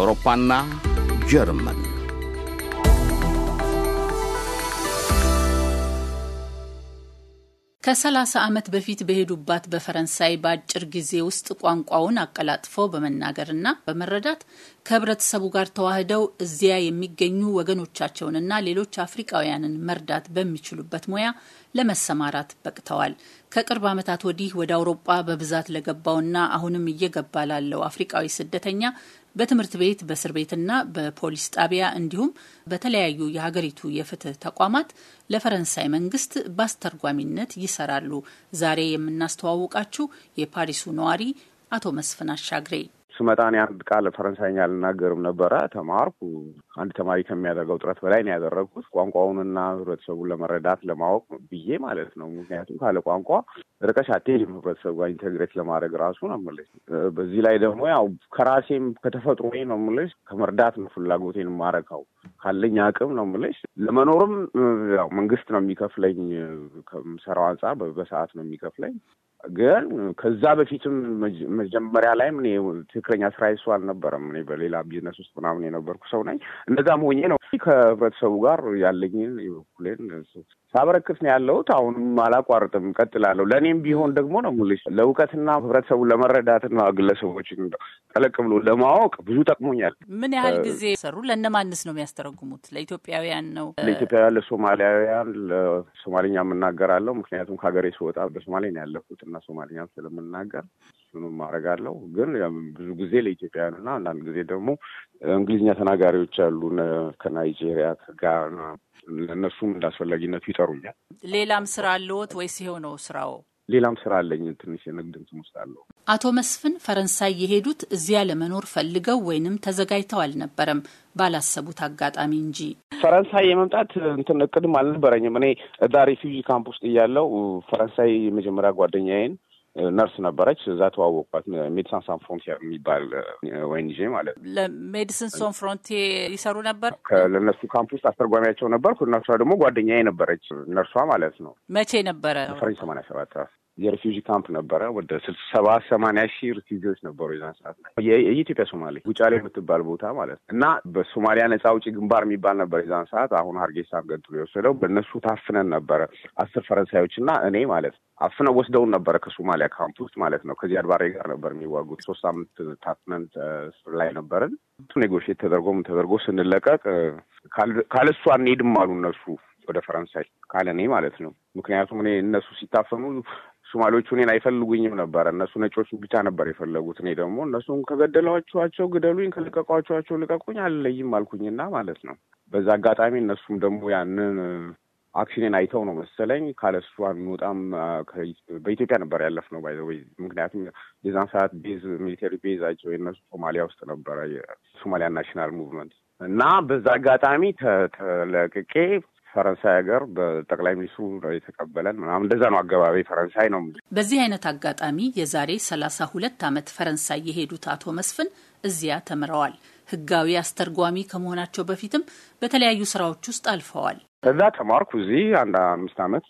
አውሮፓና ጀርመን ከ30 ዓመት በፊት በሄዱባት በፈረንሳይ በአጭር ጊዜ ውስጥ ቋንቋውን አቀላጥፎ በመናገርና በመረዳት ከህብረተሰቡ ጋር ተዋህደው እዚያ የሚገኙ ወገኖቻቸውንና ሌሎች አፍሪቃውያንን መርዳት በሚችሉበት ሙያ ለመሰማራት በቅተዋል። ከቅርብ ዓመታት ወዲህ ወደ አውሮጳ በብዛት ለገባውና አሁንም እየገባ ላለው አፍሪቃዊ ስደተኛ በትምህርት ቤት፣ በእስር ቤትና በፖሊስ ጣቢያ እንዲሁም በተለያዩ የሀገሪቱ የፍትህ ተቋማት ለፈረንሳይ መንግስት በአስተርጓሚነት ይሰራሉ። ዛሬ የምናስተዋውቃችሁ የፓሪሱ ነዋሪ አቶ መስፍን አሻግሬ ስመጣ እኔ አንድ ቃል ፈረንሳይኛ አልናገርም ነበረ። ተማርኩ። አንድ ተማሪ ከሚያደርገው ጥረት በላይ ነው ያደረግኩት ቋንቋውንና ህብረተሰቡን ለመረዳት ለማወቅ ብዬ ማለት ነው። ምክንያቱም ካለ ቋንቋ ርቀሽ አትሄጂም። ህብረተሰቡ ጋር ኢንቴግሬት ለማድረግ ራሱ ነው የምልሽ። በዚህ ላይ ደግሞ ያው ከራሴም ከተፈጥሮ ነው የምልሽ ከመርዳት ነው ፍላጎቴን ማረካው ካለኝ አቅም ነው የምልሽ ለመኖርም ያው መንግስት ነው የሚከፍለኝ ከምሰራው አንጻር በሰዓት ነው የሚከፍለኝ። ግን ከዛ በፊትም መጀመሪያ ላይም እኔ ትክክለኛ ስራ ይሱ አልነበረም። እኔ በሌላ ቢዝነስ ውስጥ ምናምን የነበርኩ ሰው ነኝ። እንደዛም ሆኜ ነው ከህብረተሰቡ ጋር ያለኝን የበኩሌን ሳበረክት ነው ያለሁት። አሁንም አላቋርጥም፣ ቀጥላለሁ። ለእኔም ቢሆን ደግሞ ነው የምልሽ ለእውቀትና ህብረተሰቡን ለመረዳትና ግለሰቦችን ጠለቅ ብሎ ለማወቅ ብዙ ጠቅሞኛል። ምን ያህል ጊዜ ሰሩ? ለእነማንስ ነው የሚያስተረጉሙት? ለኢትዮጵያውያን ነው ነው? ለኢትዮጵያ ያለ ሶማሊያውያን ለሶማሌኛ የምናገራለው ምክንያቱም ከሀገሬ ስወጣ በሶማሌ ነው ያለፉት እና ሶማሌኛም ስለምናገር እሱንም አደርጋለሁ። ግን ብዙ ጊዜ ለኢትዮጵያውያን እና አንዳንድ ጊዜ ደግሞ እንግሊዝኛ ተናጋሪዎች አሉ ከናይጄሪያ፣ ከጋና እነሱም እንዳስፈላጊነቱ ይጠሩኛል። ሌላም ስራ አለዎት ወይስ ይሄው ነው ስራው? ሌላም ስራ አለኝ ትንሽ የንግድ እንትን ውስጥ አለው። አቶ መስፍን ፈረንሳይ የሄዱት እዚያ ለመኖር ፈልገው ወይንም ተዘጋጅተው አልነበረም ባላሰቡት አጋጣሚ እንጂ ፈረንሳይ የመምጣት እንትን እቅድም አልነበረኝም። እኔ እዛ ሪፊውጂ ካምፕ ውስጥ እያለው ፈረንሳይ የመጀመሪያ ጓደኛዬን ነርስ ነበረች። እዛ ተዋወቅኳት። ሜዲሲን ሳን ፍሮንቲር የሚባል ወይንጂ ማለት ነው። ለሜዲሲን ሳን ፍሮንቲር ይሰሩ ነበር። ለነሱ ካምፕ ውስጥ አስተርጓሚያቸው ነበርኩ። እነርሷ ደግሞ ጓደኛዬ ነበረች፣ ነርሷ ማለት ነው። መቼ ነበረ? ፈረንጅ ሰማንያ ሰባት የሪፊውጂ ካምፕ ነበረ። ወደ ሰባ ሰማንያ ሺህ ሪፊውጂዎች ነበሩ የዛን ሰዓት የኢትዮጵያ ሶማሌ ውጫሌ የምትባል ቦታ ማለት ነው እና በሶማሊያ ነጻ አውጪ ግንባር የሚባል ነበር የዛን ሰዓት። አሁን ሀርጌሳን ገንጥሎ የወሰደው በእነሱ ታፍነን ነበረ። አስር ፈረንሳዮች እና እኔ ማለት ነው አፍነው ወስደውን ነበረ ከሶማሊያ ካምፕ ውስጥ ማለት ነው። ከዚህ አድባሬ ጋር ነበር የሚዋጉት። ሶስት ሳምንት ታፍነን ስር ላይ ነበርን። ኔጎሽት ተደርጎ ምን ተደርጎ ስንለቀቅ ካለሱ አንሄድም አሉ እነሱ ወደ ፈረንሳይ ካለ እኔ ማለት ነው። ምክንያቱም እኔ እነሱ ሲታፈኑ ሶማሌዎቹ እኔን አይፈልጉኝም ነበረ። እነሱ ነጮቹ ብቻ ነበር የፈለጉት። እኔ ደግሞ እነሱን ከገደላችኋቸው ግደሉኝ፣ ከለቀቋቸኋቸው ልቀቁኝ፣ አልለይም አልኩኝና ማለት ነው። በዛ አጋጣሚ እነሱም ደግሞ ያንን አክሽኔን አይተው ነው መሰለኝ ካለሱ አንወጣም። በኢትዮጵያ ነበር ያለፍ ነው ዘ ምክንያቱም የዛን ሰዓት ቤዝ ሚሊተሪ ቤዛቸው የነሱ ሶማሊያ ውስጥ ነበረ የሶማሊያ ናሽናል ሙቭመንት እና በዛ አጋጣሚ ተለቅቄ ፈረንሳይ ሀገር በጠቅላይ ሚኒስትሩ ነው የተቀበለን ምናምን እንደዛ ነው አገባቢ ፈረንሳይ ነው። በዚህ አይነት አጋጣሚ የዛሬ ሰላሳ ሁለት ዓመት ፈረንሳይ የሄዱት አቶ መስፍን እዚያ ተምረዋል። ህጋዊ አስተርጓሚ ከመሆናቸው በፊትም በተለያዩ ስራዎች ውስጥ አልፈዋል። እዛ ተማርኩ እዚህ አንድ አምስት ዓመት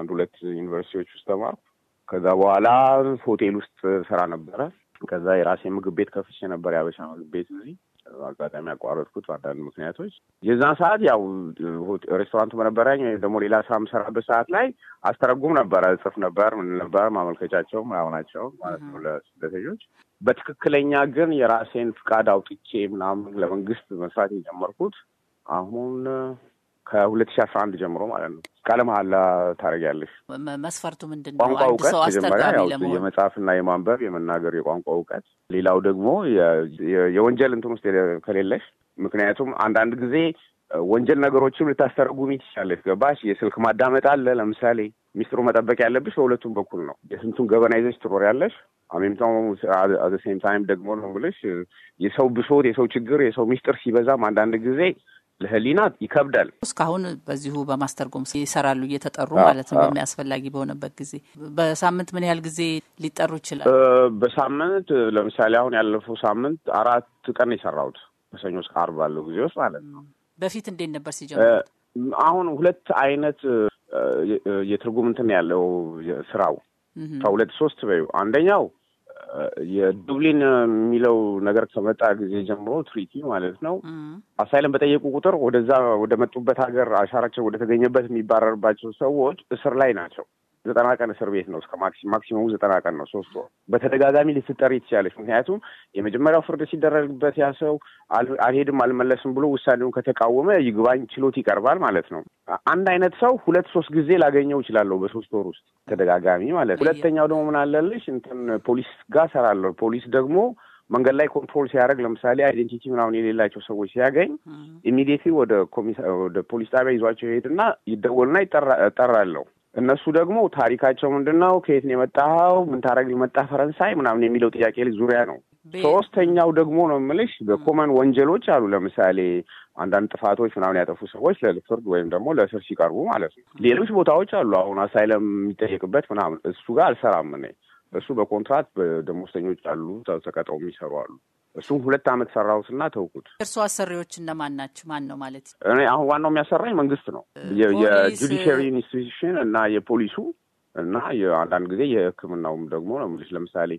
አንድ ሁለት ዩኒቨርሲቲዎች ውስጥ ተማርኩ። ከዛ በኋላ ሆቴል ውስጥ ስራ ነበረ። ከዛ የራሴ ምግብ ቤት ከፍቼ ነበር፣ ያበሻ ምግብ ቤት እዚህ አጋጣሚ ያቋረጥኩት በአንዳንድ ምክንያቶች የዛን ሰዓት ያው ሬስቶራንቱ በነበረኝ ወይም ደግሞ ሌላ ስራ የምሰራበት ሰዓት ላይ አስተረጉም ነበረ፣ እጽፍ ነበር፣ ምን ነበር ማመልከቻቸው ምናምናቸው ማለት ነው ለስደተኞች። በትክክለኛ ግን የራሴን ፍቃድ አውጥቼ ምናምን ለመንግስት መስራት የጀመርኩት አሁን ከሁለት ሺ አስራ አንድ ጀምሮ ማለት ነው። ቃለ መሀላ ታደርጊያለሽ። መስፈርቱ ምንድን ነው? ቋንቋ እውቀት መጀመሪያ ያው የመጽሐፍና የማንበብ የመናገር የቋንቋ እውቀት። ሌላው ደግሞ የወንጀል እንትን ውስጥ ከሌለሽ ምክንያቱም አንዳንድ ጊዜ ወንጀል ነገሮችም ልታስተረጉሚ ትችላለሽ። ገባሽ? የስልክ ማዳመጥ አለ። ለምሳሌ ሚስጥሩ መጠበቅ ያለብሽ በሁለቱም በኩል ነው። የስንቱን ገበና ይዘሽ ትኖር ያለሽ አሜምታው ሴም ታይም ደግሞ ነው ብለሽ የሰው ብሶት፣ የሰው ችግር፣ የሰው ሚስጥር ሲበዛም አንዳንድ ጊዜ ለህሊና ይከብዳል። እስካሁን በዚሁ በማስተርጎም ይሰራሉ እየተጠሩ ማለት ነው። በሚያስፈላጊ በሆነበት ጊዜ በሳምንት ምን ያህል ጊዜ ሊጠሩ ይችላል? በሳምንት ለምሳሌ አሁን ያለፈው ሳምንት አራት ቀን የሰራሁት ከሰኞ እስከ ዓርብ ባለው ጊዜ ውስጥ ማለት ነው። በፊት እንዴት ነበር ሲጀምሩት? አሁን ሁለት አይነት የትርጉም እንትን ያለው ስራው ከሁለት ሶስት በዩ አንደኛው የዱብሊን የሚለው ነገር ከመጣ ጊዜ ጀምሮ ትሪቲ ማለት ነው አሳይለም በጠየቁ ቁጥር ወደዛ ወደ መጡበት ሀገር አሻራቸው ወደ ተገኘበት የሚባረርባቸው ሰዎች እስር ላይ ናቸው። ዘጠና ቀን እስር ቤት ነው። እስከ ማክሲመሙ ዘጠና ቀን ነው። ሶስት ወር በተደጋጋሚ ልትጠሪ ትችላለች። ምክንያቱም የመጀመሪያው ፍርድ ሲደረግበት ያ ሰው አልሄድም አልመለስም ብሎ ውሳኔውን ከተቃወመ ይግባኝ ችሎት ይቀርባል ማለት ነው። አንድ አይነት ሰው ሁለት ሶስት ጊዜ ላገኘው ይችላለሁ በሶስት ወር ውስጥ ተደጋጋሚ ማለት ነው። ሁለተኛው ደግሞ ምናለልሽ እንትን ፖሊስ ጋር ሰራለሁ። ፖሊስ ደግሞ መንገድ ላይ ኮንትሮል ሲያደርግ ለምሳሌ አይደንቲቲ ምናምን የሌላቸው ሰዎች ሲያገኝ ኢሚዲየትሊ ወደ ፖሊስ ጣቢያ ይዟቸው ይሄድና ይደወልና ይጠራለሁ። እነሱ ደግሞ ታሪካቸው ምንድን ነው፣ ከየት ነው የመጣኸው፣ ምን ታደርግ መጣ ፈረንሳይ ምናምን የሚለው ጥያቄ ዙሪያ ነው። ሶስተኛው ደግሞ ነው የምልሽ በኮመን ወንጀሎች አሉ። ለምሳሌ አንዳንድ ጥፋቶች ምናምን ያጠፉ ሰዎች ለፍርድ ወይም ደግሞ ለእስር ሲቀርቡ ማለት ነው። ሌሎች ቦታዎች አሉ፣ አሁን አሳይለም የሚጠየቅበት ምናምን፣ እሱ ጋር አልሰራም እኔ። እሱ በኮንትራት በደሞዝተኞች አሉ፣ ተቀጥረው የሚሰሩ አሉ። እሱም ሁለት ዓመት ሰራሁትና ተውኩት። እርሱ አሰሪዎች እነማን ናቸው? ማን ነው ማለት እኔ አሁን ዋናው የሚያሰራኝ መንግስት ነው። የጁዲሽሪ ኢንስቲቱሽን እና የፖሊሱ እና አንዳንድ ጊዜ የሕክምናውም ደግሞ ለምሳሌ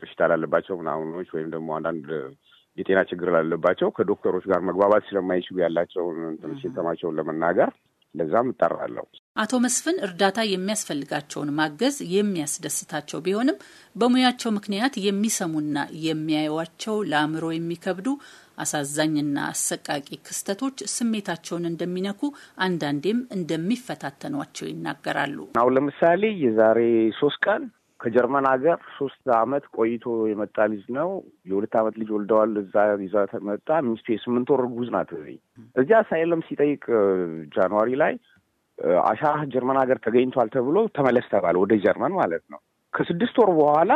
በሽታ ላለባቸው ምናምኖች ወይም ደግሞ አንዳንድ የጤና ችግር ላለባቸው ከዶክተሮች ጋር መግባባት ስለማይችሉ ያላቸውን ትንሽ የተማቸውን ለመናገር ለዛም እጠራለሁ። አቶ መስፍን እርዳታ የሚያስፈልጋቸውን ማገዝ የሚያስደስታቸው ቢሆንም በሙያቸው ምክንያት የሚሰሙና የሚያዩቸው ለአእምሮ የሚከብዱ አሳዛኝና አሰቃቂ ክስተቶች ስሜታቸውን እንደሚነኩ አንዳንዴም እንደሚፈታተኗቸው ይናገራሉ። አሁን ለምሳሌ የዛሬ ሶስት ቀን ከጀርመን ሀገር ሶስት አመት ቆይቶ የመጣ ልጅ ነው። የሁለት አመት ልጅ ወልደዋል። እዛ ይዛ መጣ። ሚስቱ የስምንት ወር ጉዝ ናት። እዚህ አሳይለም ሲጠይቅ ጃንዋሪ ላይ አሻራ ጀርመን ሀገር ተገኝቷል ተብሎ ተመለስ ተባለ፣ ወደ ጀርመን ማለት ነው። ከስድስት ወር በኋላ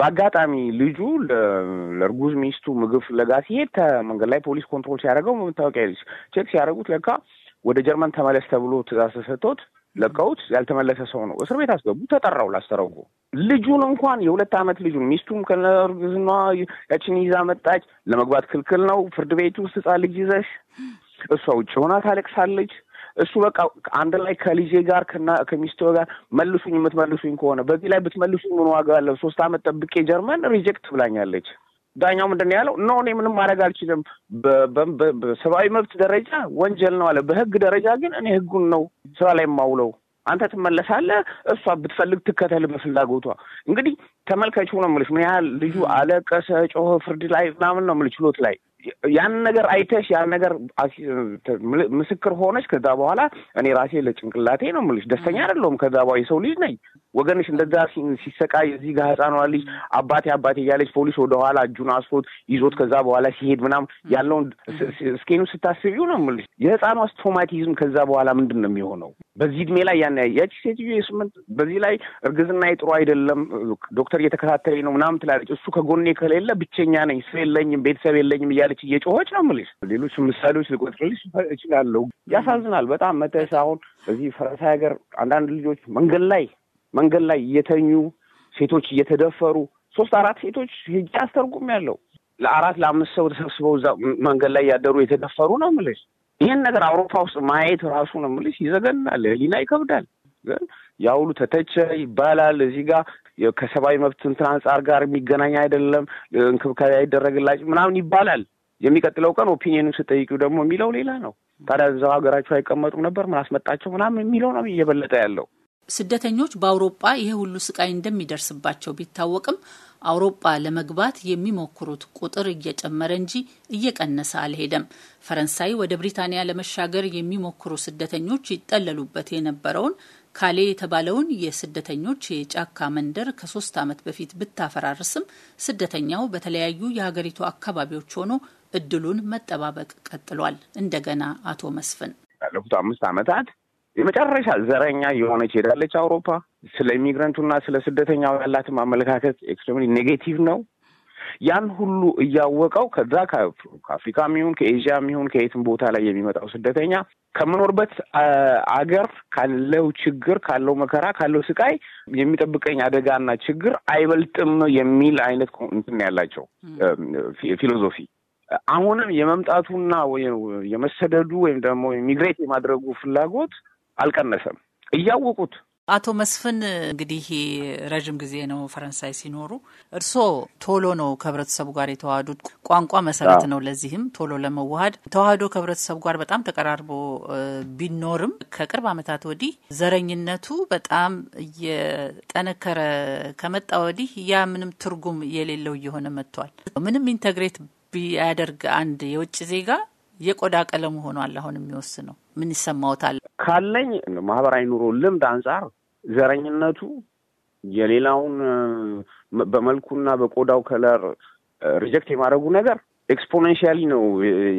በአጋጣሚ ልጁ ለእርጉዝ ሚስቱ ምግብ ፍለጋ ሲሄድ ከመንገድ ላይ ፖሊስ ኮንትሮል ሲያደርገው መታወቂያ ቼክ ሲያደርጉት ለካ ወደ ጀርመን ተመለስ ተብሎ ትእዛዝ ተሰጥቶት ለቀውት ያልተመለሰ ሰው ነው። እስር ቤት አስገቡ። ተጠራው ላስተረጉ ልጁን እንኳን የሁለት ዓመት ልጁን ሚስቱም ከእርግዝና ያችን ይዛ መጣች። ለመግባት ክልክል ነው። ፍርድ ቤት ውስጥ ሕፃን ልጅ ይዘሽ እሷ ውጭ ሆና ታለቅሳለች። እሱ በቃ አንድ ላይ ከልጄ ጋር ከሚስቴ ጋር መልሱኝ፣ የምትመልሱኝ ከሆነ በዚህ ላይ ብትመልሱኝ ምን ዋጋ አለው? ሶስት ዓመት ጠብቄ ጀርመን ሪጀክት ብላኛለች። ዳኛው ምንድን ነው ያለው? ኖ እኔ ምንም ማድረግ አልችልም፣ በሰብአዊ መብት ደረጃ ወንጀል ነው አለ። በህግ ደረጃ ግን እኔ ህጉን ነው ስራ ላይ የማውለው። አንተ ትመለሳለህ፣ እሷ ብትፈልግ ትከተል በፍላጎቷ። እንግዲህ ተመልከች ነው የምልሽ ምን ያህል ልጁ አለቀሰ፣ ጮኸ ፍርድ ላይ ምናምን ነው የምልሽ ችሎት ላይ ያን ነገር አይተሽ ያን ነገር ምስክር ሆነች። ከዛ በኋላ እኔ ራሴ ለጭንቅላቴ ነው የምልሽ ደስተኛ አይደለሁም። ከዛ በኋላ የሰው ልጅ ነኝ። ወገንሽ እንደዛ ሲሰቃይ እዚህ ጋር ህፃኗ ልጅ አባቴ አባቴ እያለች ፖሊስ ወደኋላ እጁን አስሮት ይዞት ከዛ በኋላ ሲሄድ ምናምን ያለውን እስኬኑ ስታስቢው ነው የምልሽ የህፃኗ አስቶማቲዝም ከዛ በኋላ ምንድን ነው የሚሆነው? በዚህ እድሜ ላይ ያን ያቺ ሴትዮ የስምንት በዚህ ላይ እርግዝና ጥሩ አይደለም፣ ዶክተር እየተከታተለኝ ነው ምናምን ትላለች። እሱ ከጎኔ ከሌለ ብቸኛ ነኝ፣ ሰው የለኝም፣ ቤተሰብ የለኝም እያለ እያለች እየጮኸች ነው የምልሽ። ሌሎች ምሳሌዎች ልቆጥርልሽ እችላለሁ። ያሳዝናል በጣም መተስ። አሁን በዚህ ፈረንሳይ ሀገር አንዳንድ ልጆች መንገድ ላይ መንገድ ላይ እየተኙ ሴቶች እየተደፈሩ ሶስት አራት ሴቶች ሄጄ አስተርጉም ያለው ለአራት ለአምስት ሰው ተሰብስበው እዛ መንገድ ላይ ያደሩ የተደፈሩ ነው የምልሽ። ይህን ነገር አውሮፓ ውስጥ ማየት ራሱ ነው የምልሽ ይዘገናል፣ ህሊና ይከብዳል። ግን ያ ሁሉ ተተቸ ይባላል። እዚህ ጋር ከሰብአዊ መብት እንትን አንጻር ጋር የሚገናኝ አይደለም፣ እንክብካቤ አይደረግላቸው ምናምን ይባላል። የሚቀጥለው ቀን ኦፒኒየኑን ስጠይቂው ደግሞ የሚለው ሌላ ነው። ታዲያ እዛው ሀገራቸው አይቀመጡም ነበር ምን አስመጣቸው ምናምን የሚለው ነው እየበለጠ ያለው። ስደተኞች በአውሮጳ ይሄ ሁሉ ስቃይ እንደሚደርስባቸው ቢታወቅም አውሮጳ ለመግባት የሚሞክሩት ቁጥር እየጨመረ እንጂ እየቀነሰ አልሄደም። ፈረንሳይ ወደ ብሪታንያ ለመሻገር የሚሞክሩ ስደተኞች ይጠለሉበት የነበረውን ካሌ የተባለውን የስደተኞች የጫካ መንደር ከሶስት ዓመት በፊት ብታፈራርስም ስደተኛው በተለያዩ የሀገሪቱ አካባቢዎች ሆኖ እድሉን መጠባበቅ ቀጥሏል። እንደገና አቶ መስፍን ባለፉት አምስት ዓመታት የመጨረሻ ዘረኛ የሆነች ሄዳለች አውሮፓ። ስለ ኢሚግረንቱና ስለ ስደተኛው ያላትም አመለካከት ኤክስትሪምሊ ኔጌቲቭ ነው። ያን ሁሉ እያወቀው ከዛ ከአፍሪካ ሚሆን ከኤዥያ ሚሆን ከየትም ቦታ ላይ የሚመጣው ስደተኛ ከምኖርበት አገር ካለው ችግር ካለው መከራ ካለው ስቃይ የሚጠብቀኝ አደጋና ችግር አይበልጥም የሚል አይነት እንትን ያላቸው ፊሎዞፊ አሁንም የመምጣቱና የመሰደዱ ወይም ደግሞ ሚግሬት የማድረጉ ፍላጎት አልቀነሰም እያወቁት አቶ መስፍን እንግዲህ ረዥም ጊዜ ነው ፈረንሳይ ሲኖሩ። እርስዎ ቶሎ ነው ከህብረተሰቡ ጋር የተዋህዱት። ቋንቋ መሰረት ነው፣ ለዚህም ቶሎ ለመዋሃድ ተዋህዶ ከህብረተሰቡ ጋር በጣም ተቀራርቦ ቢኖርም ከቅርብ ዓመታት ወዲህ ዘረኝነቱ በጣም እየጠነከረ ከመጣ ወዲህ ያ ምንም ትርጉም የሌለው እየሆነ መጥቷል። ምንም ኢንተግሬት ቢያደርግ አንድ የውጭ ዜጋ የቆዳ ቀለሙ ሆኗል አሁን የሚወስነው ምን ይሰማውታል? ካለኝ ማህበራዊ ኑሮ ልምድ አንጻር ዘረኝነቱ የሌላውን በመልኩና በቆዳው ከለር ሪጀክት የማድረጉ ነገር ኤክስፖኔንሺያሊ ነው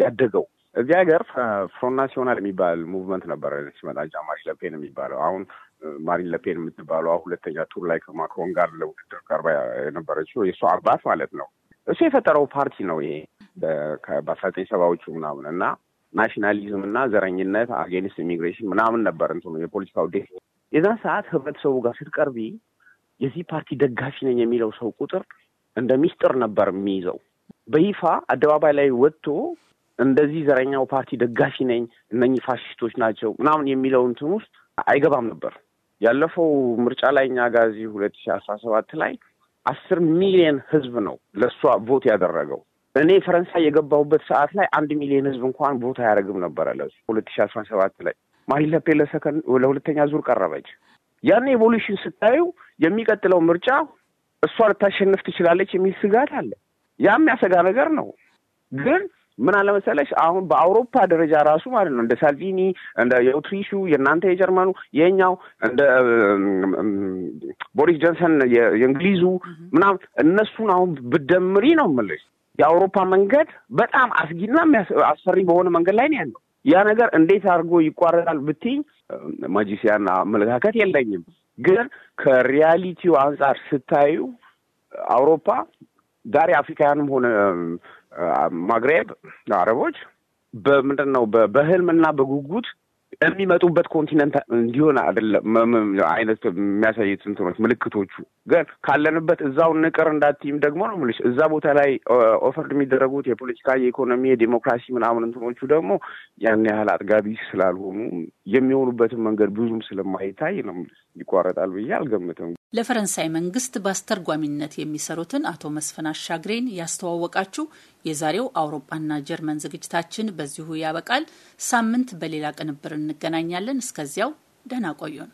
ያደገው። እዚህ ሀገር ፍሮን ናሲዮናል የሚባል ሙቭመንት ነበረ ሲመጣ ማሪን ለፔን የሚባለው አሁን ማሪን ለፔን የምትባለው ሁለተኛ ቱር ላይ ከማክሮን ጋር ለውድድር ቀርባ የነበረችው የእሷ አባት ማለት ነው እሱ የፈጠረው ፓርቲ ነው ይሄ በአስራ ዘጠኝ ሰባዎቹ ምናምን እና ናሽናሊዝም እና ዘረኝነት አጌንስት ኢሚግሬሽን ምናምን ነበር እንትኑ የፖለቲካው ዴ የዛ ሰዓት ህብረተሰቡ ጋር ስትቀርቢ የዚህ ፓርቲ ደጋፊ ነኝ የሚለው ሰው ቁጥር እንደ ሚስጥር ነበር የሚይዘው። በይፋ አደባባይ ላይ ወጥቶ እንደዚህ ዘረኛው ፓርቲ ደጋፊ ነኝ፣ እነኚህ ፋሽስቶች ናቸው ምናምን የሚለው እንትን ውስጥ አይገባም ነበር። ያለፈው ምርጫ ላይ እኛ ጋዚ ሁለት ሺ አስራ ሰባት ላይ አስር ሚሊየን ህዝብ ነው ለእሷ ቮት ያደረገው። እኔ ፈረንሳይ የገባሁበት ሰዓት ላይ አንድ ሚሊዮን ህዝብ እንኳን ቦት አያደርግም ነበረ ለ ሁለት ሺ አስራ ሰባት ላይ ማሂለፔ ለሰከንድ ለሁለተኛ ዙር ቀረበች። ያን ኤቮሉሽን ስታዩ የሚቀጥለው ምርጫ እሷ ልታሸንፍ ትችላለች የሚል ስጋት አለ። ያ የሚያሰጋ ነገር ነው ግን ምን አለመሰለሽ አሁን በአውሮፓ ደረጃ ራሱ ማለት ነው እንደ ሳልቪኒ እንደ የኦትሪሹ የእናንተ የጀርመኑ የኛው እንደ ቦሪስ ጆንሰን የእንግሊዙ ምናም እነሱን አሁን ብደምሪ ነው ምልሽ የአውሮፓ መንገድ በጣም አስጊና አስፈሪ በሆነ መንገድ ላይ ነው ያለው። ያ ነገር እንዴት አድርጎ ይቋረጣል ብትኝ ማጂሲያን አመለካከት የለኝም፣ ግን ከሪያሊቲው አንጻር ስታዩ አውሮፓ ዛሬ አፍሪካውያንም ሆነ ማግሬብ አረቦች በምንድን ነው በህልምና በጉጉት የሚመጡበት ኮንቲነንት እንዲሆን አይደለም አይነት የሚያሳዩት እንትኖች ምልክቶቹ ግን ካለንበት እዛው ንቅር እንዳትይም ደግሞ ነው ምልሽ እዛ ቦታ ላይ ኦፈርድ የሚደረጉት የፖለቲካ የኢኮኖሚ፣ የዲሞክራሲ ምናምን እንትኖቹ ደግሞ ያን ያህል አጥጋቢ ስላልሆኑ የሚሆኑበትን መንገድ ብዙም ስለማይታይ ነው ይቋረጣል ብዬ አልገምትም። ለፈረንሳይ መንግስት በአስተርጓሚነት የሚሰሩትን አቶ መስፍን አሻግሬን ያስተዋወቃችሁ የዛሬው አውሮፓና ጀርመን ዝግጅታችን በዚሁ ያበቃል። ሳምንት በሌላ ቅንብር እንገናኛለን። እስከዚያው ደህና ቆዩን።